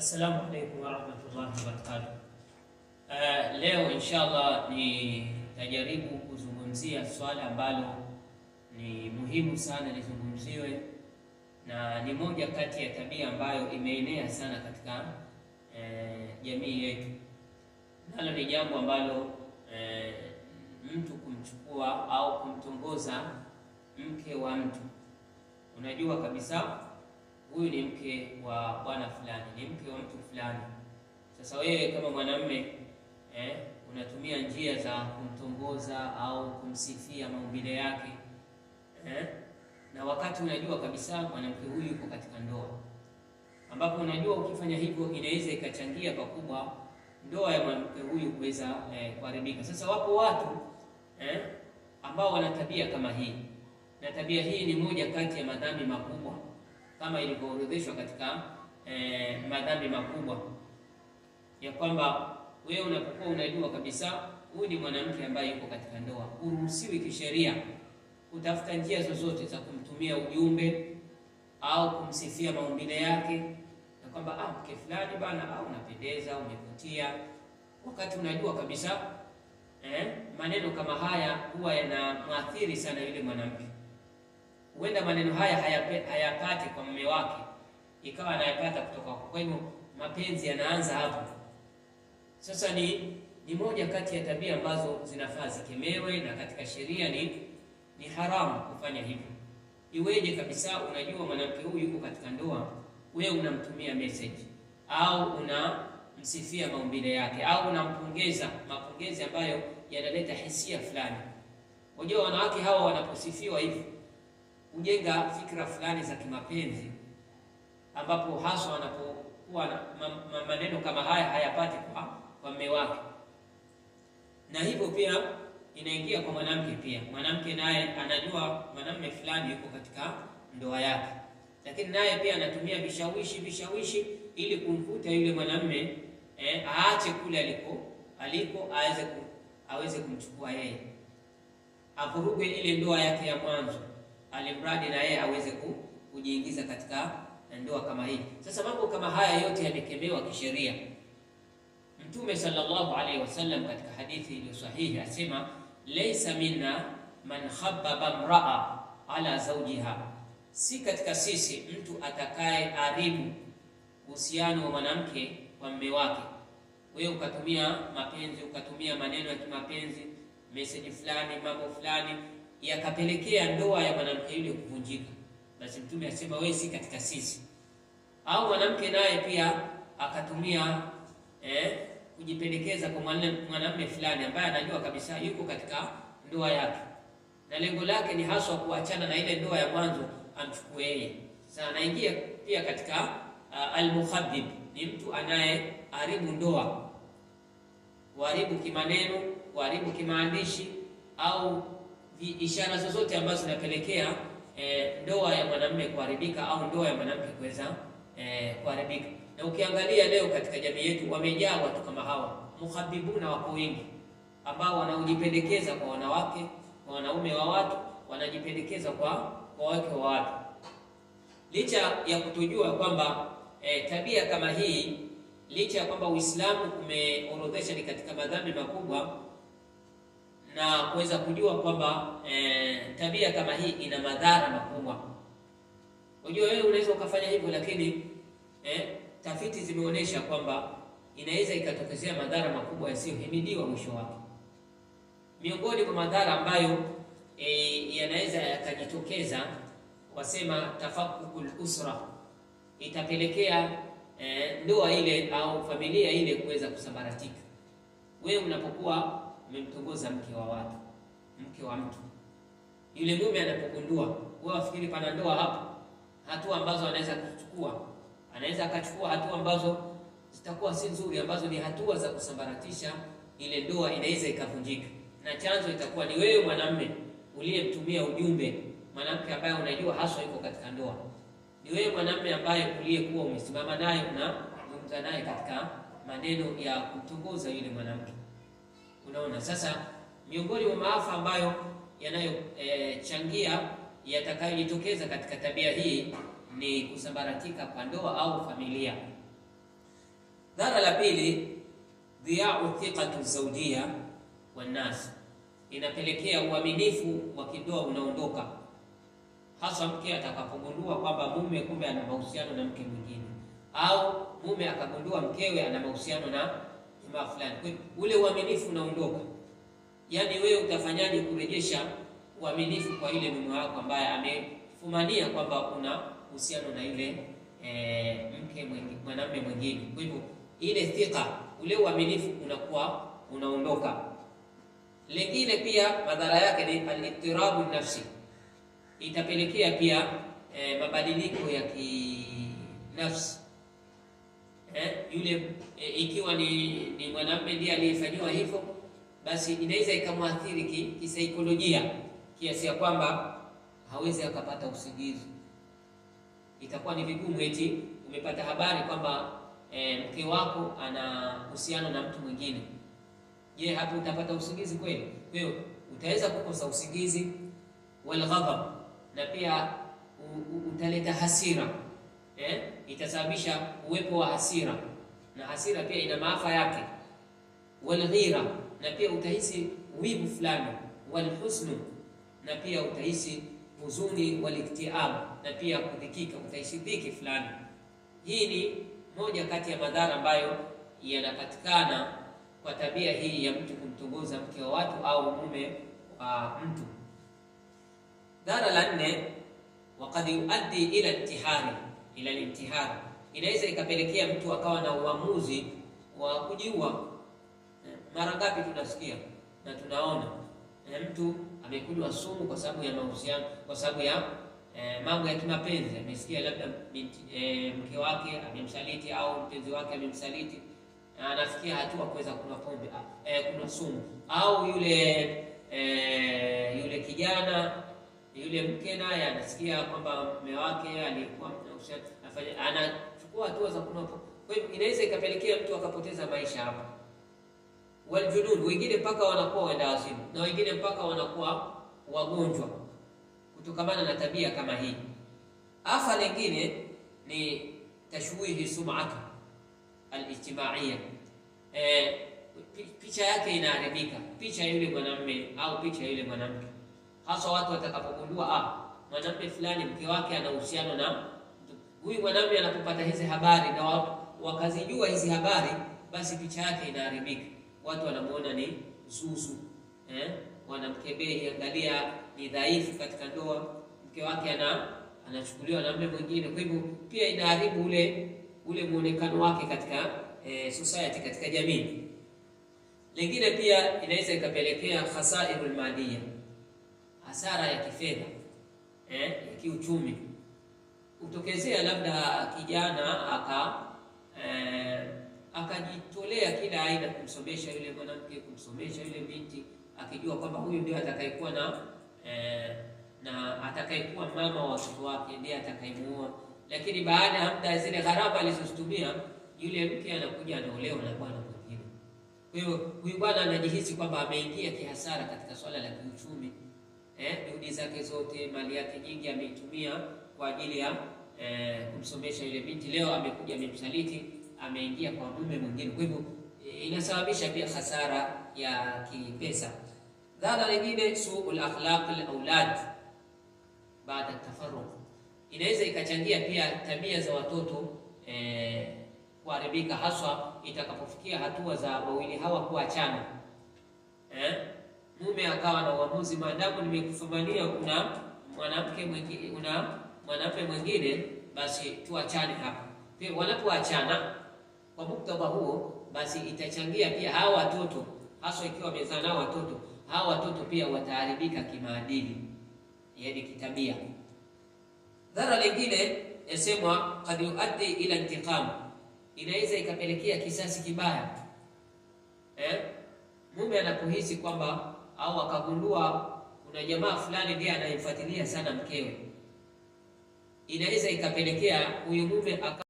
Assalamu alaikum warahmatullahi wabarakatuh. Uh, eh, leo inshallah nitajaribu kuzungumzia swala ambalo ni muhimu sana lizungumziwe na ni moja kati ya tabia ambayo imeenea sana katika uh, jamii yetu, nalo ni jambo ambalo uh, mtu kumchukua au kumtongoza mke wa mtu. Unajua kabisa huyu ni mke wa bwana fulani, ni mke wa mtu fulani. Sasa wewe kama mwanamume eh, unatumia njia za kumtongoza au kumsifia maumbile yake eh, na wakati unajua kabisa mwanamke huyu yuko katika ndoa, ambapo unajua ukifanya hivyo inaweza ikachangia pakubwa ndoa ya mwanamke huyu kuweza eh, kuharibika. Sasa wapo watu eh, ambao wana tabia kama hii, na tabia hii ni moja kati ya madhambi makubwa kama ilivyoorodheshwa katika e, madhambi makubwa, ya kwamba wewe unapokuwa unajua kabisa huyu ni mwanamke ambaye yuko katika ndoa, uruhusiwi kisheria kutafuta njia zozote za kumtumia ujumbe au kumsifia maumbile yake, ya kwamba ah, mke fulani bana, au unapendeza, umevutia, wakati unajua kabisa eh, maneno kama haya huwa yanamwathiri sana yule mwanamke huenda maneno haya hayapati kwa mume wake, ikawa anayapata kutoka kwa. Kwa hivyo mapenzi yanaanza hapo. Sasa ni ni moja kati ya tabia ambazo zinafaa zikemewe, na katika sheria ni ni haramu kufanya hivyo. Iweje kabisa? Unajua mwanamke huyu yuko katika ndoa, wewe unamtumia message au unamsifia maumbile yake au unampongeza mapongezi ambayo yanaleta hisia fulani. Unajua wanawake hawa wanaposifiwa hivi hujenga fikra fulani za kimapenzi, ambapo haswa anapokuwa na maneno kama haya hayapati kwa, kwa mme wake, na hivyo pia inaingia kwa mwanamke pia. Mwanamke naye anajua mwanamume fulani yuko katika ndoa yake, lakini naye pia anatumia vishawishi vishawishi ili kumvuta yule mwanamume eh, aache kule aliko aliko aweze aweze kumchukua yeye, avuruge ile ndoa yake ya mwanzo alimradi na yeye aweze kujiingiza katika ndoa kama hii. Sasa mambo kama haya yote yamekemewa kisheria. Mtume sallallahu alaihi wasallam katika hadithi iliyo sahihi asema, laisa minna man khabbaba mraa ala zawjiha, si katika sisi mtu atakaye aribu uhusiano wa mwanamke kwa mume wake. Wewe ukatumia mapenzi, ukatumia maneno ya kimapenzi, meseji fulani, mambo fulani yakapelekea ndoa ya mwanamke yule kuvunjika. Basi Mtume asema wewe si katika sisi. Au mwanamke naye pia akatumia eh, kujipendekeza kwa mwanamume fulani ambaye anajua kabisa yuko katika ndoa yake na lengo lake ni haswa kuachana na ile ndoa ya mwanzo, amchukue yeye. Sasa anaingia pia katika uh, almukhaddib, ni mtu anaye haribu ndoa, kuharibu kimaneno, kuharibu kimaandishi au ishara zozote ambazo zinapelekea e, ndoa ya mwanamume kuharibika au ndoa ya mwanamke kuweza e, kuharibika. Na ukiangalia leo katika jamii yetu wamejaa watu kama hawa, muhabibuna, wako wengi, ambao wanaojipendekeza kwa wanawake, kwa wanaume wa watu, wanajipendekeza kwa kwa wake wa watu, licha ya kutojua kwamba e, tabia kama hii, licha ya kwamba Uislamu umeorodhesha ni katika madhambi makubwa na kuweza kujua kwamba e, tabia kama hii ina madhara makubwa. Unajua wewe unaweza ukafanya hivyo, lakini e, tafiti zimeonyesha kwamba inaweza ikatokezea madhara makubwa yasiyohimidiwa mwisho wake. Miongoni mwa madhara ambayo e, yanaweza yakajitokeza, wasema tafakukul usra, itapelekea e, ndoa ile au familia ile kuweza kusambaratika. Wewe unapokuwa umemtongoza mke wa watu, mke wa mtu. Yule mume anapogundua, wewe wafikiri pana ndoa hapo? Hatua ambazo anaweza kuchukua, anaweza akachukua hatua ambazo zitakuwa si nzuri, ambazo ni hatua za kusambaratisha ile ndoa, inaweza ikavunjika, na chanzo itakuwa ni wewe mwanamume uliyemtumia ujumbe mwanamke ambaye unajua haswa yuko katika ndoa. Ni wewe mwanamume ambaye uliyekuwa umesimama naye, unazungumza naye katika maneno ya kumtongoza yule mwanamke. Unaona sasa, miongoni mwa maafa ambayo yanayochangia e, yatakayojitokeza katika tabia hii ni kusambaratika kwa ndoa au familia. Dhara la pili, dhiau thiqatu zawjia wannas, inapelekea uaminifu wa kindoa unaondoka, hasa mke atakapogundua kwamba mume kumbe ana mahusiano na mke mwingine, au mume akagundua mkewe ana mahusiano na mshumaa fulani. Kwa hiyo ule uaminifu unaondoka, yaani wewe utafanyaje kurejesha uaminifu kwa ile mume wako ambaye amefumania kwamba kuna uhusiano na yule e, mke mwanamume mwingine. Kwa hivyo ile thika, ule uaminifu unakuwa unaondoka. lingine pia madhara yake ni al-ittirabu nafsi, itapelekea pia e, mabadiliko ya kinafsi eh, yule eh, ikiwa ni, ni mwanamume ndiye aliyefanyiwa hivyo, basi inaweza ikamwathiri kisaikolojia ki kiasi ya kwamba hawezi akapata usingizi. Itakuwa ni vigumu eti umepata habari kwamba eh, mke wako ana uhusiano na mtu mwingine. Je, hapo utapata usingizi kweli? Kwa hiyo utaweza kukosa usingizi, wal ghadab, na pia utaleta hasira eh? itasababisha uwepo wa hasira, na hasira pia ina maafa yake, walghira, na pia utahisi wivu fulani, walhusnu, na pia utahisi huzuni, waliktiab, na pia kudhikika, utahisi dhiki fulani. Hii ni moja kati ya madhara ambayo yanapatikana kwa tabia hii ya mtu kumtongoza mke wa watu au mume wa mtu. Dhara la nne, wakad yuaddi ila ntihari ila lintihar inaweza ikapelekea mtu akawa na uamuzi wa kujiua. Eh, mara ngapi tunasikia na tunaona eh, mtu amekunywa sumu kwa sababu ya mahusiano, kwa sababu ya e, mambo ya kimapenzi. Amesikia labda e, mke wake amemsaliti au mpenzi wake amemsaliti, anafikia hatua kuweza kunywa pombe e, kunywa sumu, au yule e, yule kijana yule mke naye anasikia kwamba mume wake alikuwa anafanya, anachukua hatua za kunopa. Kwa hiyo inaweza ikapelekea mtu akapoteza maisha hapa. Waljunun, wengine mpaka wanakuwa wenda wazimu na wengine mpaka wanakuwa wagonjwa kutokamana na tabia kama hii. Afa lingine ni tashwihi sum'ata alijtimaiya, e, eh, picha yake inaharibika, picha yule mwanamume au picha yule mwanamke hasa watu watakapogundua, ah, mwanamke fulani mke wake ana uhusiano na huyu mwanamume. Anapopata hizi habari na wakazijua hizi habari, basi picha yake inaharibika, watu wanamuona ni zuzu eh? Wanamkebei, angalia, ni dhaifu katika ndoa, mke wake ana anachukuliwa na mume mwingine. Kwa hivyo pia inaharibu ule ule muonekano wake katika eh, society, katika jamii. Lingine pia inaweza ikapelekea khasairul maliyah hasara ya kifedha eh, ya kiuchumi. Utokezea labda kijana aka eh, akajitolea kila aina kumsomesha yule mwanamke, kumsomesha yule binti, akijua kwamba huyu ndio atakayekuwa na eh, na atakayekuwa mama wa watoto wake, ndiye atakayemuoa. Lakini baada ya muda, zile gharama alizozitumia yule mke anakuja anaolewa na bwana mwingine. Kwa hiyo huyu bwana anajihisi kwamba ameingia kihasara katika swala la kiuchumi. Eh, juhudi zake zote, mali yake nyingi ameitumia kwa ajili ya eh, kumsomesha yule binti. Leo amekuja amemsaliti, ameingia kwa mume mwingine. Kwa hivyo eh, inasababisha pia hasara ya kipesa. Dhana nyingine, suul akhlaq al aulad baada tafarruq, inaweza ikachangia pia tabia za watoto eh, kuharibika, haswa itakapofikia hatua za wawili hawa kuachana eh? mume akawa na uamuzi, maadamu nimekufumania kuna mwanamke mwingine, una mwanamke mwingine, basi tuachane hapa. Wanapoachana kwa muktadha huo, basi itachangia pia hawa watoto, hasa ikiwa wamezaa nao watoto, hawa watoto pia wataharibika kimaadili, yaani kitabia. Dhara lingine yasemwa, kad yuaddi ila intiqam, inaweza ikapelekea kisasi kibaya eh? Mume anapohisi kwamba au akagundua kuna jamaa fulani ndiye anayemfuatilia sana mkewe, inaweza ikapelekea huyu mume